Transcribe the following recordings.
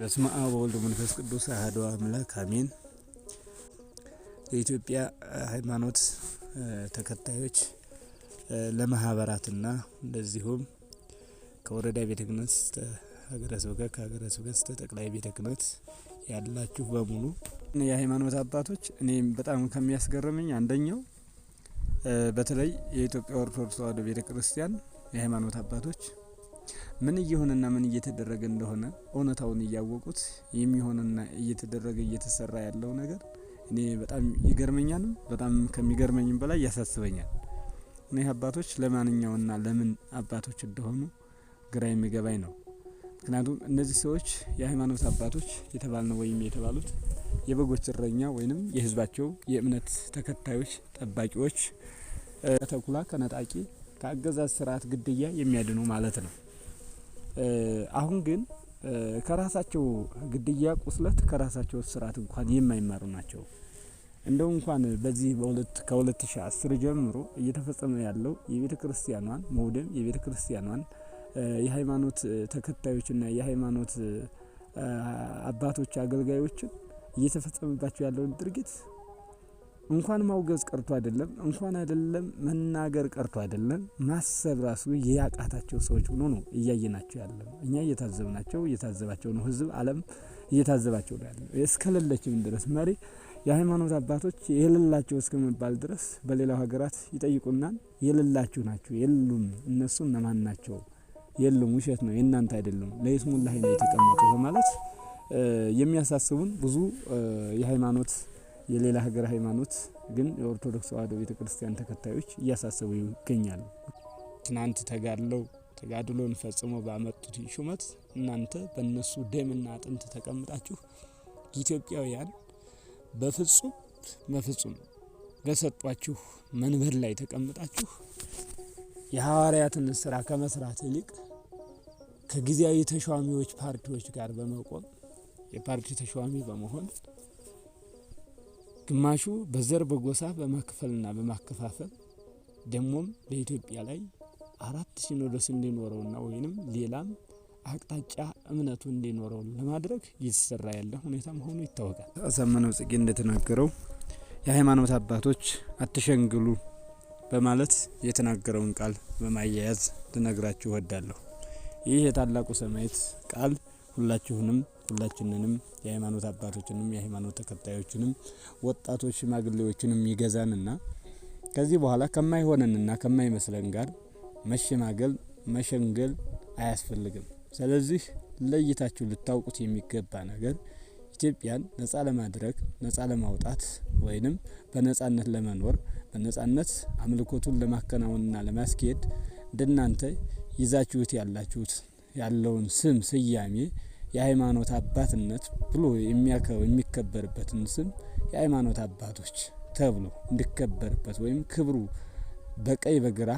በስመ አብ በወልድ መንፈስ ቅዱስ አሐዱ አምላክ አሜን። የኢትዮጵያ ሃይማኖት ተከታዮች ለማህበራትና እንደዚሁም ከወረዳ ቤተ ክህነት እስከ ሀገረ ስብከት ከሀገረ ስብከት እስከ ጠቅላይ ቤተ ክህነት ያላችሁ በሙሉ የሃይማኖት አባቶች እኔም በጣም ከሚያስገርመኝ አንደኛው በተለይ የኢትዮጵያ ኦርቶዶክስ ተዋሕዶ ቤተ ክርስቲያን የሃይማኖት አባቶች ምን እየሆነና ምን እየተደረገ እንደሆነ እውነታውን እያወቁት የሚሆንና እየተደረገ እየተሰራ ያለው ነገር እኔ በጣም ይገርመኛልም በጣም ከሚገርመኝም በላይ ያሳስበኛል። እኒህ አባቶች ለማንኛውና ለምን አባቶች እንደሆኑ ግራ የሚገባኝ ነው። ምክንያቱም እነዚህ ሰዎች የሃይማኖት አባቶች የተባልነው ወይም የተባሉት የበጎች እረኛ ወይም የህዝባቸው የእምነት ተከታዮች፣ ጠባቂዎች፣ ከተኩላ ከነጣቂ ከአገዛዝ ስርዓት ግድያ የሚያድኑ ማለት ነው። አሁን ግን ከራሳቸው ግድያ ቁስለት ከራሳቸው ስርዓት እንኳን የማይማሩ ናቸው። እንደው እንኳን በዚህ በሁለት ከ2010 ጀምሮ እየተፈጸመ ያለው የቤተ ክርስቲያኗን መውደም የቤተ ክርስቲያኗን የሃይማኖት ተከታዮችና የሃይማኖት አባቶች አገልጋዮችን እየተፈጸመባቸው ያለውን ድርጊት እንኳን ማውገዝ ቀርቶ አይደለም እንኳን አይደለም መናገር ቀርቶ አይደለም ማሰብ ራሱ የያቃታቸው ሰዎች ሆኖ ነው እያየናቸው ያለ ነው። እኛ እየታዘብናቸው እየታዘባቸው ነው ህዝብ አለም እየታዘባቸው ነው ያለ እስከሌለችም ድረስ መሪ የሃይማኖት አባቶች የሌላቸው እስከመባል ድረስ በሌላው ሀገራት ይጠይቁናል። የሌላችሁ ናቸው የሉም፣ እነሱ እነማን ናቸው? የሉም፣ ውሸት ነው፣ የእናንተ አይደለም፣ ለይስሙላ ነው የተቀመጡ በማለት የሚያሳስቡን ብዙ የሃይማኖት የሌላ ሀገር ሃይማኖት ግን የኦርቶዶክስ ተዋሕዶ ቤተ ክርስቲያን ተከታዮች እያሳሰቡ ይገኛሉ። ትናንት ተጋድለው ተጋድሎን ፈጽሞ ባመጡት ሹመት እናንተ በእነሱ ደምና አጥንት ተቀምጣችሁ ኢትዮጵያውያን በፍጹም መፍጹም በሰጧችሁ መንበር ላይ ተቀምጣችሁ የሐዋርያትን ስራ ከመስራት ይልቅ ከጊዜያዊ ተሿሚዎች ፓርቲዎች ጋር በመቆም የፓርቲ ተሿሚ በመሆን ግማሹ በዘር በጎሳ በማክፈልና በማከፋፈል ደግሞም በኢትዮጵያ ላይ አራት ሲኖዶስ እንዲኖረውና ወይንም ሌላም አቅጣጫ እምነቱ እንዲኖረው ለማድረግ እየተሰራ ያለ ሁኔታ መሆኑ ይታወቃል። አሳምነው ጽጌ እንደተናገረው የሃይማኖት አባቶች አትሸንግሉ በማለት የተናገረውን ቃል በማያያዝ ልነግራችሁ እወዳለሁ። ይህ የታላቁ ሰማዕት ቃል ሁላችሁንም ሁላችንንም የሃይማኖት አባቶችንም የሃይማኖት ተከታዮችንም ወጣቶች ሽማግሌዎችንም ይገዛንና ከዚህ በኋላ ከማይሆነንና ከማይመስለን ጋር መሸማገል መሸንገል አያስፈልግም። ስለዚህ ለይታችሁ ልታውቁት የሚገባ ነገር ኢትዮጵያን ነጻ ለማድረግ ነጻ ለማውጣት ወይንም በነጻነት ለመኖር በነጻነት አምልኮቱን ለማከናወንና ለማስኬድ እንደናንተ ይዛችሁት ያላችሁት ያለውን ስም ስያሜ የሃይማኖት አባትነት ብሎ የሚከበርበትን ስም የሃይማኖት አባቶች ተብሎ እንዲከበርበት ወይም ክብሩ በቀኝ በግራ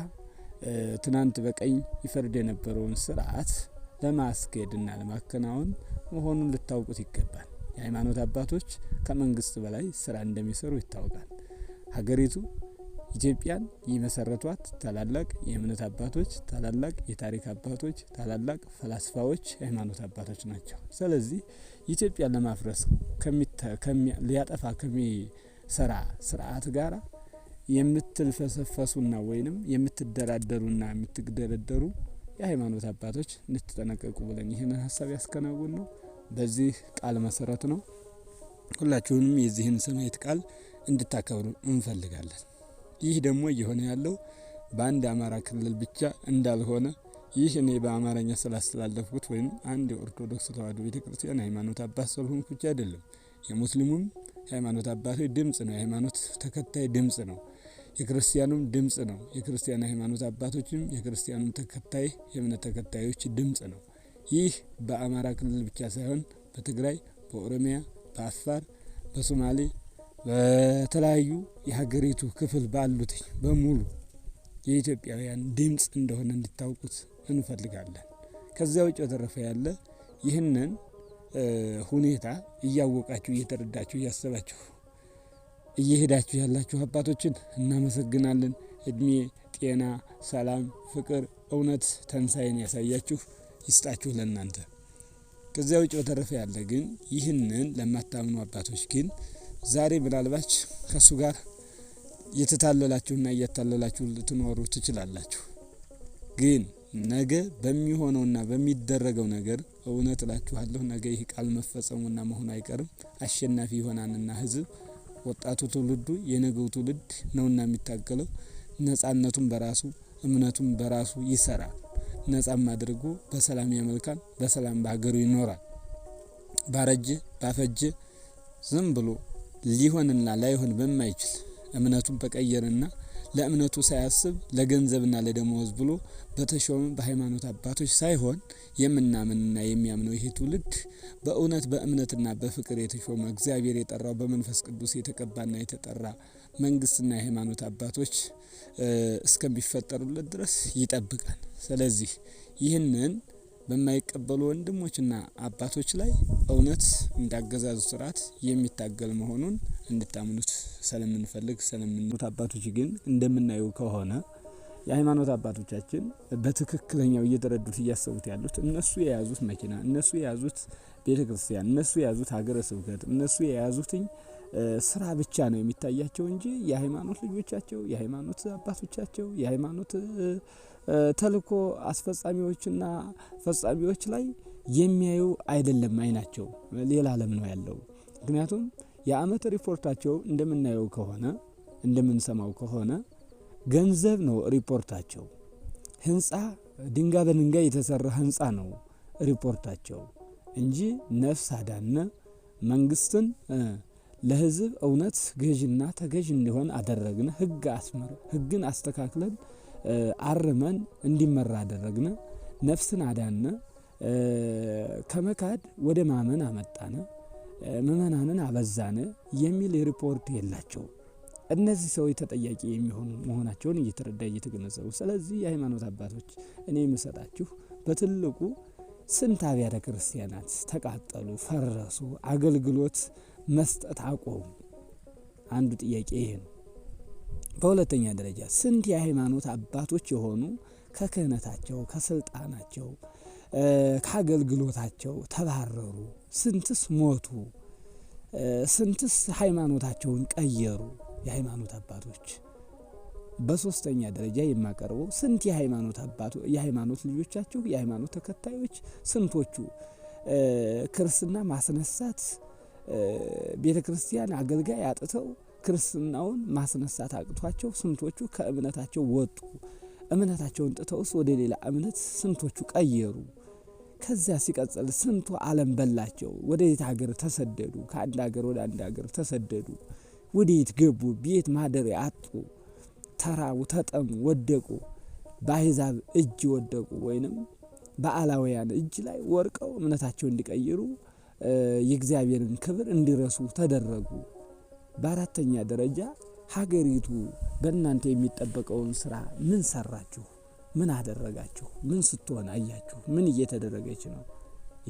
ትናንት በቀኝ ይፈርድ የነበረውን ስርዓት ለማስኬድና ለማከናወን መሆኑን ልታውቁት ይገባል። የሃይማኖት አባቶች ከመንግስት በላይ ስራ እንደሚሰሩ ይታወቃል። ሀገሪቱ ኢትዮጵያን የመሰረቷት ታላላቅ የእምነት አባቶች፣ ታላላቅ የታሪክ አባቶች፣ ታላላቅ ፈላስፋዎች፣ የሃይማኖት አባቶች ናቸው። ስለዚህ ኢትዮጵያን ለማፍረስ ሊያጠፋ ከሚሰራ ስርዓት ጋር የምትልፈሰፈሱና ወይንም የምትደራደሩና የምትደረደሩ የሃይማኖት አባቶች እንድትጠነቀቁ ብለን ይህንን ሀሳብ ያስከናውን ነው። በዚህ ቃል መሰረት ነው ሁላችሁንም የዚህን ሰማዕት ቃል እንድታከብሩ እንፈልጋለን። ይህ ደግሞ እየሆነ ያለው በአንድ አማራ ክልል ብቻ እንዳልሆነ ይህ እኔ በአማርኛ ስላስተላለፍኩት ወይም አንድ የኦርቶዶክስ ተዋህዶ ቤተክርስቲያን ሃይማኖት አባት ስለሆንኩ ብቻ አይደለም። የሙስሊሙም ሃይማኖት አባቶች ድምፅ ነው። የሃይማኖት ተከታይ ድምፅ ነው። የክርስቲያኑም ድምፅ ነው። የክርስቲያን ሃይማኖት አባቶችም የክርስቲያኑም ተከታይ የእምነት ተከታዮች ድምፅ ነው። ይህ በአማራ ክልል ብቻ ሳይሆን በትግራይ፣ በኦሮሚያ፣ በአፋር፣ በሶማሌ በተለያዩ የሀገሪቱ ክፍል ባሉት በሙሉ የኢትዮጵያውያን ድምፅ እንደሆነ እንድታውቁት እንፈልጋለን። ከዚያ ውጭ በተረፈ ያለ ይህንን ሁኔታ እያወቃችሁ እየተረዳችሁ እያሰባችሁ እየሄዳችሁ ያላችሁ አባቶችን እናመሰግናለን። እድሜ፣ ጤና፣ ሰላም፣ ፍቅር፣ እውነት ተንሳይን ያሳያችሁ ይስጣችሁ ለእናንተ። ከዚያ ውጭ በተረፈ ያለ ግን ይህንን ለማታምኑ አባቶች ግን ዛሬ ምናልባች ከእሱ ጋር እየተታለላችሁና እያታለላችሁ ልትኖሩ ትችላላችሁ። ግን ነገ በሚሆነውና በሚደረገው ነገር እውነት እላችኋለሁ፣ ነገ ይህ ቃል መፈጸሙና መሆኑ አይቀርም። አሸናፊ ይሆናልና ህዝብ ወጣቱ ትውልዱ የነገው ትውልድ ነውና የሚታገለው ነጻነቱን በራሱ እምነቱን በራሱ ይሰራል። ነጻም አድርጎ በሰላም ያመልካል፣ በሰላም በሀገሩ ይኖራል። ባረጀ ባፈጀ ዝም ብሎ ሊሆንና ላይሆን በማይችል እምነቱን በቀየረና ለእምነቱ ሳያስብ ለገንዘብና ለደመወዝ ብሎ በተሾመ በሃይማኖት አባቶች ሳይሆን የምናምንና የሚያምነው ይሄ ትውልድ በእውነት በእምነትና በፍቅር የተሾመ እግዚአብሔር የጠራው በመንፈስ ቅዱስ የተቀባና የተጠራ መንግስትና የሃይማኖት አባቶች እስከሚፈጠሩለት ድረስ ይጠብቃል። ስለዚህ ይህንን በማይቀበሉ ወንድሞችና አባቶች ላይ እውነት እንዳገዛዙ ስርዓት የሚታገል መሆኑን እንድታምኑት ስለምንፈልግ ስለምንት አባቶች ግን እንደምናየው ከሆነ የሃይማኖት አባቶቻችን በትክክለኛው እየተረዱት እያሰቡት ያሉት እነሱ የያዙት መኪና፣ እነሱ የያዙት ቤተ ክርስቲያን፣ እነሱ የያዙት ሀገረ ስብከት፣ እነሱ የያዙትኝ ስራ ብቻ ነው የሚታያቸው እንጂ የሃይማኖት ልጆቻቸው፣ የሃይማኖት አባቶቻቸው፣ የሃይማኖት ተልእኮ አስፈጻሚዎችና ፈጻሚዎች ላይ የሚያዩ አይደለም። አይናቸው ሌላ አለም ነው ያለው። ምክንያቱም የአመት ሪፖርታቸው እንደምናየው ከሆነ እንደምንሰማው ከሆነ ገንዘብ ነው ሪፖርታቸው። ህንፃ ድንጋይ በድንጋይ የተሰራ ህንፃ ነው ሪፖርታቸው እንጂ ነፍስ አዳነ መንግስትን ለህዝብ እውነት ገዥና ተገዥ እንዲሆን አደረግነ ህግ አስመር ህግን አስተካክለን አርመን እንዲመራ አደረግነ። ነፍስን አዳነ። ከመካድ ወደ ማመን አመጣነ። ምእመናንን አበዛነ የሚል ሪፖርት የላቸው እነዚህ ሰዎች ተጠያቂ የሚሆኑ መሆናቸውን እየተረዳ እየተገነዘቡ፣ ስለዚህ የሃይማኖት አባቶች እኔ የምሰጣችሁ በትልቁ ስንት አብያተ ክርስቲያናት ተቃጠሉ፣ ፈረሱ፣ አገልግሎት መስጠት አቆሙ። አንዱ ጥያቄ ይሄ ነው። በሁለተኛ ደረጃ ስንት የሃይማኖት አባቶች የሆኑ ከክህነታቸው፣ ከስልጣናቸው፣ ከአገልግሎታቸው ተባረሩ? ስንትስ ሞቱ? ስንትስ ሃይማኖታቸውን ቀየሩ? የሃይማኖት አባቶች። በሶስተኛ ደረጃ የማቀርበው ስንት የሃይማኖት አባቶ የሃይማኖት ልጆቻቸው የሃይማኖት ተከታዮች ስንቶቹ ክርስትና ማስነሳት ቤተ ክርስቲያን አገልጋይ አጥተው ክርስትናውን ማስነሳት አቅቷቸው ስንቶቹ ከእምነታቸው ወጡ። እምነታቸውን ጥተውስ ወደ ሌላ እምነት ስንቶቹ ቀየሩ። ከዚያ ሲቀጽል ስንቱ ዓለም በላቸው። ወደ የት ሀገር ተሰደዱ። ከአንድ ሀገር ወደ አንድ ሀገር ተሰደዱ። ወደ የት ገቡ? ቤት ማደሪያ አጡ። ተራቡ፣ ተጠሙ፣ ወደቁ። በአሕዛብ እጅ ወደቁ፣ ወይንም በአላውያን እጅ ላይ ወርቀው እምነታቸው እንዲቀይሩ የእግዚአብሔርን ክብር እንዲረሱ ተደረጉ። በአራተኛ ደረጃ ሀገሪቱ በእናንተ የሚጠበቀውን ስራ ምን ሰራችሁ? ምን አደረጋችሁ? ምን ስትሆን አያችሁ? ምን እየተደረገች ነው?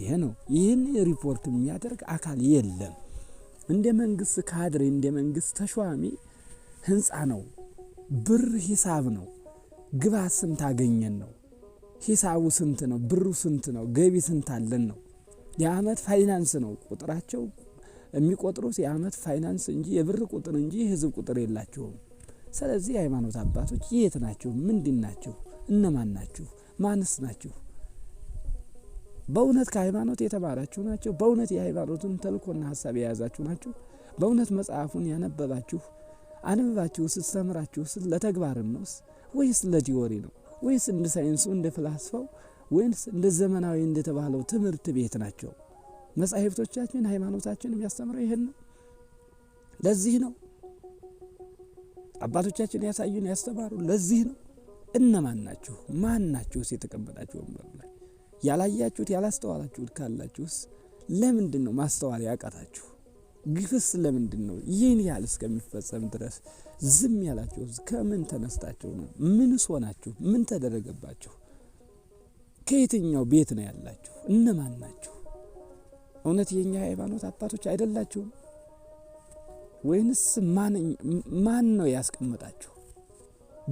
ይሄ ነው። ይህን ሪፖርት የሚያደርግ አካል የለም። እንደ መንግስት ካድሬ፣ እንደ መንግስት ተሿሚ ህንፃ ነው፣ ብር ሂሳብ ነው፣ ግባ ስንት አገኘን ነው፣ ሂሳቡ ስንት ነው፣ ብሩ ስንት ነው፣ ገቢ ስንት አለን ነው የአመት ፋይናንስ ነው ቁጥራቸው የሚቆጥሩት የአመት ፋይናንስ እንጂ የብር ቁጥር እንጂ የህዝብ ቁጥር የላቸውም። ስለዚህ የሃይማኖት አባቶች የት ናችሁ? ምንድን ናችሁ? እነማን ናችሁ? ማንስ ናችሁ? በእውነት ከሃይማኖት የተማራችሁ ናቸው? በእውነት የሃይማኖቱን ተልእኮና ሀሳብ የያዛችሁ ናችሁ? በእውነት መጽሐፉን ያነበባችሁ አንብባችሁ ስትሰምራችሁ ለተግባርም ነውስ ወይስ ለቲዎሪ ነው? ወይስ እንደ ሳይንሱ እንደ ፍላስፋው ወይንስ እንደ ዘመናዊ እንደተባለው ትምህርት ቤት ናቸው? መጻሕፍቶቻችን ሃይማኖታችን የሚያስተምረው ይህን ነው። ለዚህ ነው አባቶቻችን ያሳዩን ያስተማሩ። ለዚህ ነው እነማን ናችሁ? ማን ናችሁስ? የተቀመጣችሁ ወንበር ላይ ያላያችሁት ያላስተዋላችሁት ካላችሁስ ለምንድን ነው ማስተዋል ያቃታችሁ? ግፍስ ለምንድን ነው ይህን ያህል እስከሚፈጸም ድረስ ዝም ያላችሁ? ከምን ተነስታችሁ ነው? ምንስ ሆናችሁ? ምን ተደረገባችሁ? ከየትኛው ቤት ነው ያላችሁ? እነማን ናችሁ? እውነት የእኛ ሃይማኖት አባቶች አይደላችሁም ወይንስ ማን ነው ያስቀመጣችሁ?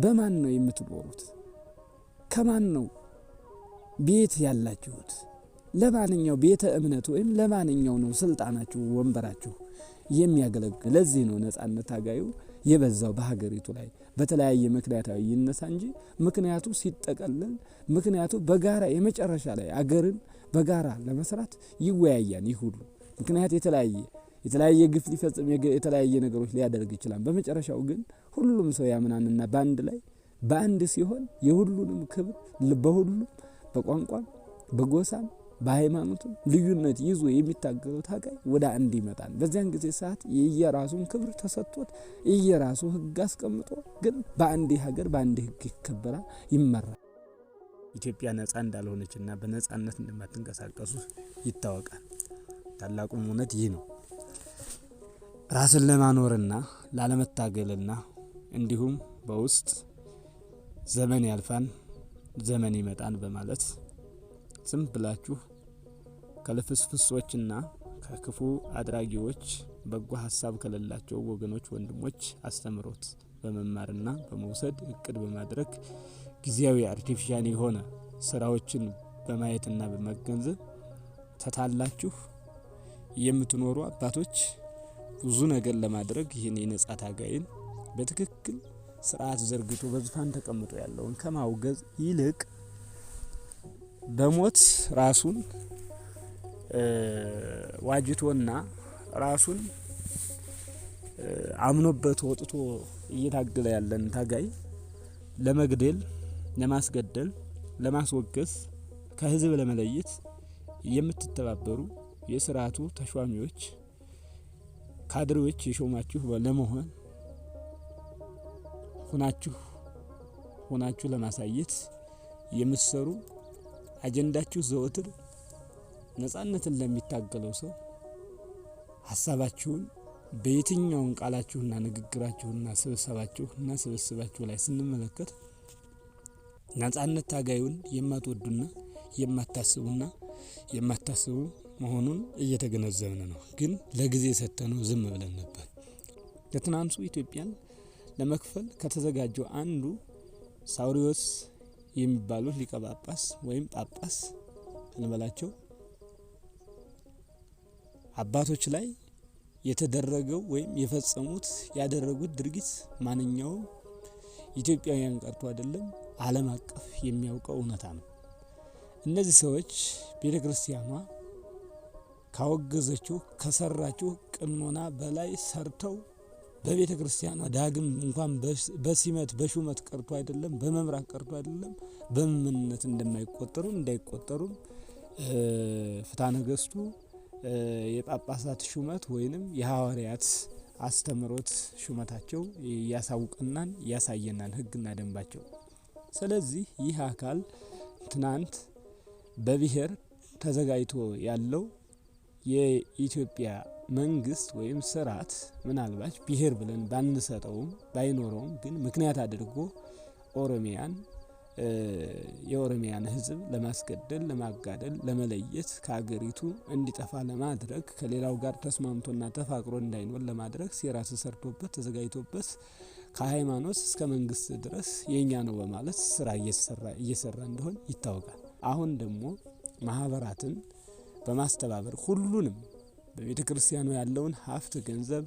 በማን ነው የምትኖሩት? ከማን ነው ቤት ያላችሁት? ለማንኛው ቤተ እምነት ወይም ለማንኛው ነው ስልጣናችሁ ወንበራችሁ የሚያገለግል? ለዚህ ነው ነጻነት ታጋዩ የበዛው በሀገሪቱ ላይ በተለያየ ምክንያታዊ ይነሳ እንጂ ምክንያቱ ሲጠቀልል ምክንያቱ በጋራ የመጨረሻ ላይ አገርን በጋራ ለመስራት ይወያያል። ይህ ሁሉ ምክንያት የተለያየ የተለያየ ግፍ ሊፈጽም የተለያየ ነገሮች ሊያደርግ ይችላል። በመጨረሻው ግን ሁሉም ሰው ያምናንና በአንድ ላይ በአንድ ሲሆን የሁሉንም ክብር በሁሉም በቋንቋም በጎሳም በሃይማኖትም ልዩነት ይዞ የሚታገለው ታጋይ ወደ አንድ ይመጣል። በዚያን ጊዜ ሰዓት የየራሱን ክብር ተሰጥቶት የየራሱ ህግ አስቀምጦ ግን በአንድ ሀገር በአንድ ህግ ይከበራል፣ ይመራል። ኢትዮጵያ ነጻ እንዳልሆነችና በነጻነት እንደማትንቀሳቀሱ ይታወቃል። ታላቁም እውነት ይህ ነው። ራስን ለማኖርና ላለመታገልና እንዲሁም በውስጥ ዘመን ያልፋን ዘመን ይመጣን በማለት ዝም ብላችሁ ከልፍስፍሶችና ከክፉ አድራጊዎች በጎ ሀሳብ ከሌላቸው ወገኖች ወንድሞች አስተምሮት በመማርና በመውሰድ እቅድ በማድረግ ጊዜያዊ አርቲፊሻል የሆነ ስራዎችን በማየትና በመገንዘብ ተታላችሁ የምትኖሩ አባቶች ብዙ ነገር ለማድረግ ይህን የነጻ ታጋይን በትክክል ስርዓት ዘርግቶ በዙፋን ተቀምጦ ያለውን ከማውገዝ ይልቅ በሞት ራሱን ዋጅቶና ራሱን አምኖበት ወጥቶ እየታገለ ያለን ታጋይ ለመግደል፣ ለማስገደል፣ ለማስወገስ ከህዝብ ለመለየት የምትተባበሩ የስርዓቱ ተሿሚዎች ካድሬዎች የሾማችሁ ለመሆን ሁናችሁ ሆናችሁ ለማሳየት የምትሰሩ አጀንዳችሁ ዘወትር ነጻነትን ለሚታገለው ሰው ሀሳባችሁን በየትኛውን ቃላችሁና ንግግራችሁና ስብሰባችሁና ስብስባችሁ ላይ ስንመለከት ነጻነት ታጋዩን የማትወዱና የማታስቡና የማታስቡ መሆኑን እየተገነዘብን ነው። ግን ለጊዜ ሰተነው ዝም ብለን ነበር። ለትናንቱ ኢትዮጵያን ለመክፈል ከተዘጋጀው አንዱ ሳውሪዎስ የሚባሉት ሊቀ ጳጳስ ወይም ጳጳስ እንበላቸው አባቶች ላይ የተደረገው ወይም የፈጸሙት ያደረጉት ድርጊት ማንኛውም ኢትዮጵያውያን ቀርቶ አይደለም ዓለም አቀፍ የሚያውቀው እውነታ ነው። እነዚህ ሰዎች ቤተ ክርስቲያኗ ካወገዘችው ከሰራችው ቅኖና በላይ ሰርተው በቤተ ክርስቲያኗ ዳግም እንኳን በሲመት በሹመት ቀርቶ አይደለም በመምራት ቀርቶ አይደለም በምምነት እንደማይቆጠሩም እንዳይቆጠሩም ፍትሐ ነገሥቱ የጳጳሳት ሹመት ወይንም የሐዋርያት አስተምሮት ሹመታቸው እያሳውቅናን እያሳየናል ሕግና ደንባቸው። ስለዚህ ይህ አካል ትናንት በብሔር ተዘጋጅቶ ያለው የኢትዮጵያ መንግስት ወይም ስርዓት ምናልባት ብሔር ብለን ባንሰጠውም ባይኖረውም ግን ምክንያት አድርጎ ኦሮሚያን የኦሮሚያን ህዝብ ለማስገደል፣ ለማጋደል፣ ለመለየት ከሀገሪቱ እንዲጠፋ ለማድረግ ከሌላው ጋር ተስማምቶና ተፋቅሮ እንዳይኖር ለማድረግ ሴራ ተሰርቶበት ተዘጋጅቶበት ከሃይማኖት እስከ መንግስት ድረስ የእኛ ነው በማለት ስራ እየሰራ እንደሆን ይታወቃል። አሁን ደግሞ ማህበራትን በማስተባበር ሁሉንም በቤተ ክርስቲያኑ ያለውን ሀብት፣ ገንዘብ፣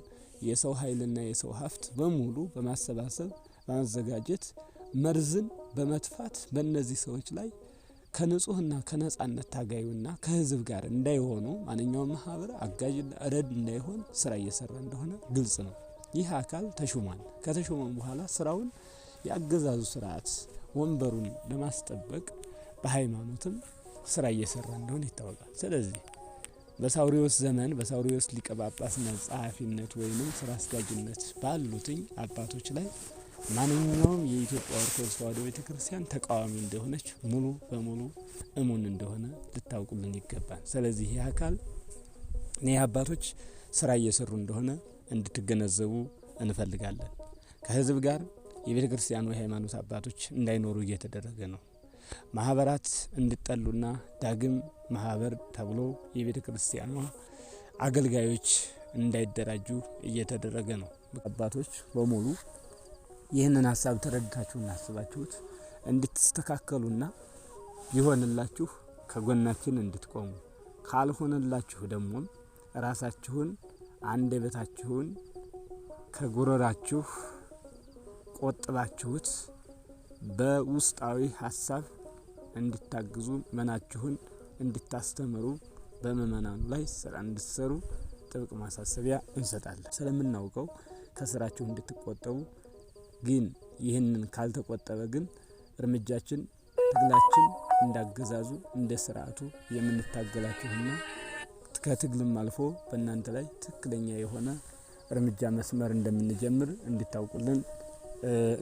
የሰው ኃይልና የሰው ሀብት በሙሉ በማሰባሰብ በማዘጋጀት መርዝን በመጥፋት በእነዚህ ሰዎች ላይ ከንጹህና ከነጻነት ታጋዩና ከህዝብ ጋር እንዳይሆኑ ማንኛውም ማህበር አጋዥ ረድ እንዳይሆን ስራ እየሰራ እንደሆነ ግልጽ ነው። ይህ አካል ተሹሟል። ከተሾመም በኋላ ስራውን የአገዛዙ ስርዓት ወንበሩን ለማስጠበቅ በሃይማኖትም ስራ እየሰራ እንደሆነ ይታወቃል። ስለዚህ በሳውሪዎስ ዘመን በሳውሪዎስ ሊቀ ጳጳስነት ጸሐፊነት ወይም ስራ አስጋጅነት ባሉትኝ አባቶች ላይ ማንኛውም የኢትዮጵያ ኦርቶዶክስ ተዋሕዶ ቤተ ክርስቲያን ተቃዋሚ እንደሆነች ሙሉ በሙሉ እሙን እንደሆነ ልታውቁልን ይገባል። ስለዚህ ይህ አካል እኒህ አባቶች ስራ እየሰሩ እንደሆነ እንድትገነዘቡ እንፈልጋለን። ከህዝብ ጋር የቤተ ክርስቲያኑ የሃይማኖት አባቶች እንዳይኖሩ እየተደረገ ነው። ማህበራት እንዲጠሉና ዳግም ማህበር ተብሎ የቤተ ክርስቲያኗ አገልጋዮች እንዳይደራጁ እየተደረገ ነው። አባቶች በሙሉ ይህንን ሀሳብ ተረድታችሁ እናስባችሁት እንድትስተካከሉና ይሆንላችሁ ከጎናችን እንድትቆሙ ካልሆነላችሁ ደግሞ ራሳችሁን አንደበታችሁን ከጉረራችሁ ቆጥባችሁት በውስጣዊ ሀሳብ እንድታግዙ መናችሁን እንድታስተምሩ በምእመናኑ ላይ ስራ እንድትሰሩ ጥብቅ ማሳሰቢያ እንሰጣለን። ስለምናውቀው ከስራችሁ እንድትቆጠቡ ግን ይህንን ካልተቆጠበ ግን እርምጃችን፣ ትግላችን እንዳገዛዙ እንደ ስርዓቱ የምንታገላችሁና ከትግልም አልፎ በእናንተ ላይ ትክክለኛ የሆነ እርምጃ መስመር እንደምንጀምር እንዲታውቁልን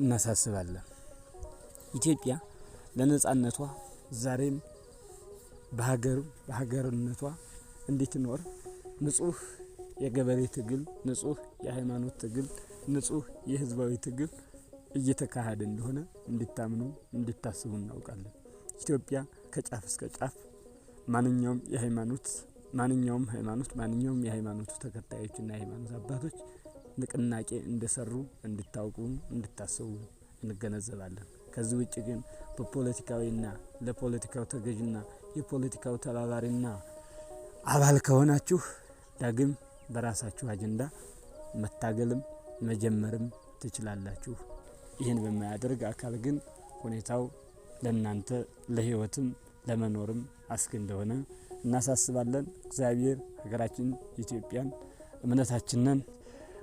እናሳስባለን። ኢትዮጵያ ለነጻነቷ ዛሬም በሀገር በሀገርነቷ እንድትኖር ንጹህ የገበሬ ትግል፣ ንጹህ የሃይማኖት ትግል፣ ንጹህ የህዝባዊ ትግል እየተካሄደ እንደሆነ እንድታምኑ እንድታስቡ እናውቃለን። ኢትዮጵያ ከጫፍ እስከ ጫፍ ማንኛውም የሃይማኖት ማንኛውም ሃይማኖት ማንኛውም የሃይማኖቱ ተከታዮችና የሃይማኖት አባቶች ንቅናቄ እንደሰሩ እንድታውቁ እንድታስቡ እንገነዘባለን። ከዚህ ውጭ ግን በፖለቲካዊና ለፖለቲካው ተገዥና የፖለቲካው ተላላሪና አባል ከሆናችሁ ዳግም በራሳችሁ አጀንዳ መታገልም መጀመርም ትችላላችሁ። ይህን በማያደርግ አካል ግን ሁኔታው ለእናንተ ለህይወትም ለመኖርም አስጊ እንደሆነ እናሳስባለን። እግዚአብሔር ሀገራችን ኢትዮጵያን እምነታችንን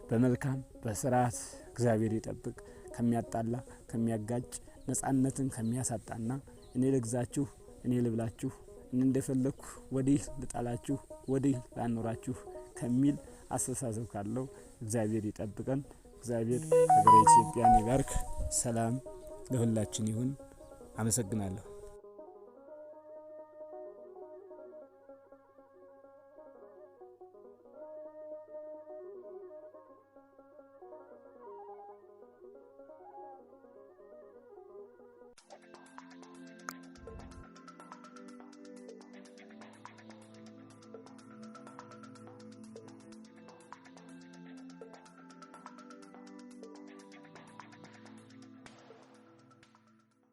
በመልካም በስርዓት እግዚአብሔር ይጠብቅ፣ ከሚያጣላ ከሚያጋጭ፣ ነጻነትን ከሚያሳጣና እኔ ልግዛችሁ እኔ ልብላችሁ እኔ እንደፈለግኩ ወዲህ ልጣላችሁ ወዲህ ላኖራችሁ ከሚል አስተሳሰብ ካለው እግዚአብሔር ይጠብቀን። እግዚአብሔር ሀገረ ኢትዮጵያን ይባርክ። ሰላም ለሁላችን ይሁን። አመሰግናለሁ።